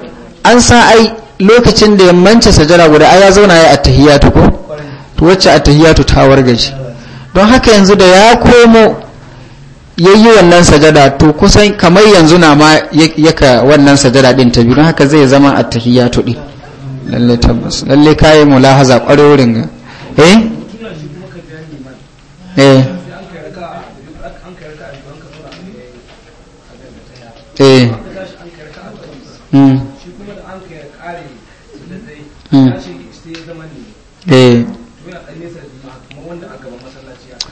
an san ai lokacin da yammanci sajada guda ai ya zauna ya attahiyatu ko to wacce attahiyatu ta wargaje don haka yanzu da ya komo ya yi wannan sajada to kusan kamar yanzu na ma yaka wannan sajada din ta biyu don haka zai zama a tahiyya tuɗi lalle tabbas lalle kayi mulahaza ƙwarorin ga eh eh eh hmm. Hmm. Eh? eh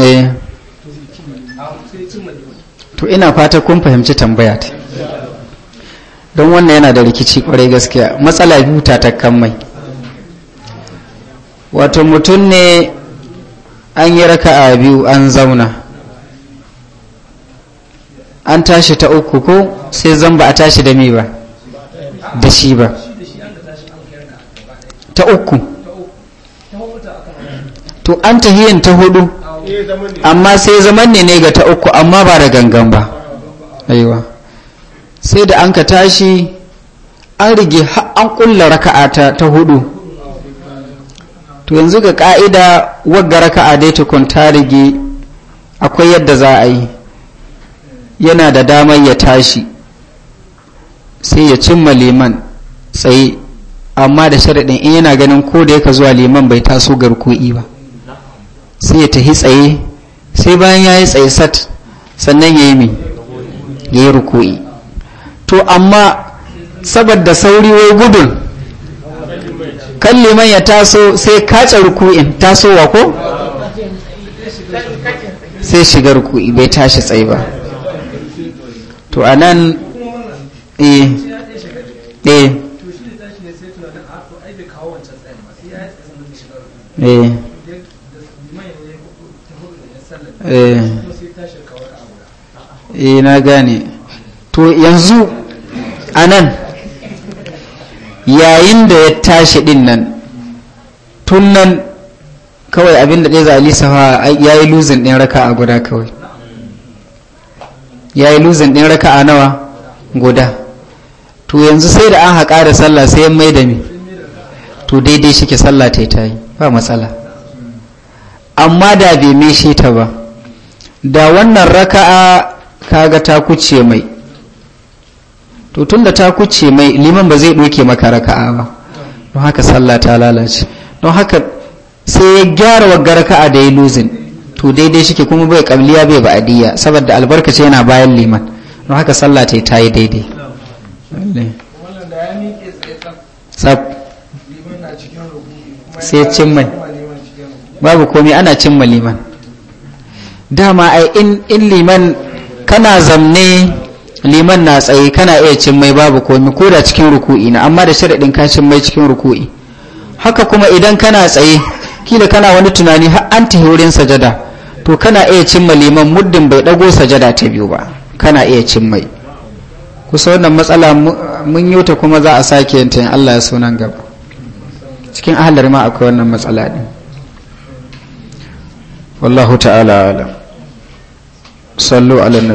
Eh. to ina fata kun fahimci tambaya ta don wannan yana da rikici kwarai gaskiya matsala biyu ta ta mai wato mutum ne an yi a biyu an zauna an tashi ta uku ko sai zan ba a tashi da mi ba da shi ba ta uku to an tahiyan ta hudu amma sai zaman ne ne ga ta uku amma ba da gangan ba aiwa sai da an ka tashi an rige an kulla raka'a ta, ta hudu to yanzu ga ka'ida wagga raka'a dai kun ta rige akwai yadda za a yi yana da damar ya tashi sai ya cimma liman tsaye amma da sharaɗin in yana ganin ko da yaka zuwa liman bai taso garku'i ba sai ya tafi tsaye sai bayan ya yi tsaye sat sannan ya yi mi ya yi ruku'i to amma saboda sauri wai gudun kan liman ya taso sai kace ruku'in tasowa ko sai shiga ruku'i bai tashi tsaye ba to a nan eh eh ah, eh Eh, eh na gane to yanzu anan yayin da ya tashi din nan tun nan kawai abin da ɗaya za a lisa ya yi luzin ɗin raka a guda kawai ya yi luzin ɗin raka a nawa guda to yanzu sai da an haƙa da sallah sai mai da mi to daidai shi ke sallah ta ta yi ba matsala amma da bai mai shi ta ba da wannan raka'a kaga ta kuce mai to tunda ta kuce mai liman ba zai doke maka raka'a ba don haka sallah ta lalace don haka sai ya gyara wagga raka'a da ya luzin to daidai shike kuma bai kabliya bai ba'adiyya saboda albarkace yana bayan liman don haka sallah ta ta yi daidai sai cin mai babu komai ana cin liman dama ai in liman kana zamne liman na tsaye kana iya cin mai babu komi ko da cikin ruku'i na amma da sharaɗin ka cin mai cikin ruku'i haka kuma idan kana tsaye kila kana wani tunani har an tafi wurin sajada to kana iya cin liman muddin bai dago sajada ta biyu ba kana iya cin mai kusa wannan matsala mun yi ta kuma za a sake yin tayin Allah ya so nan gaba cikin ahalar ma akwai wannan matsala din wallahu ta'ala alam صلوا على النبي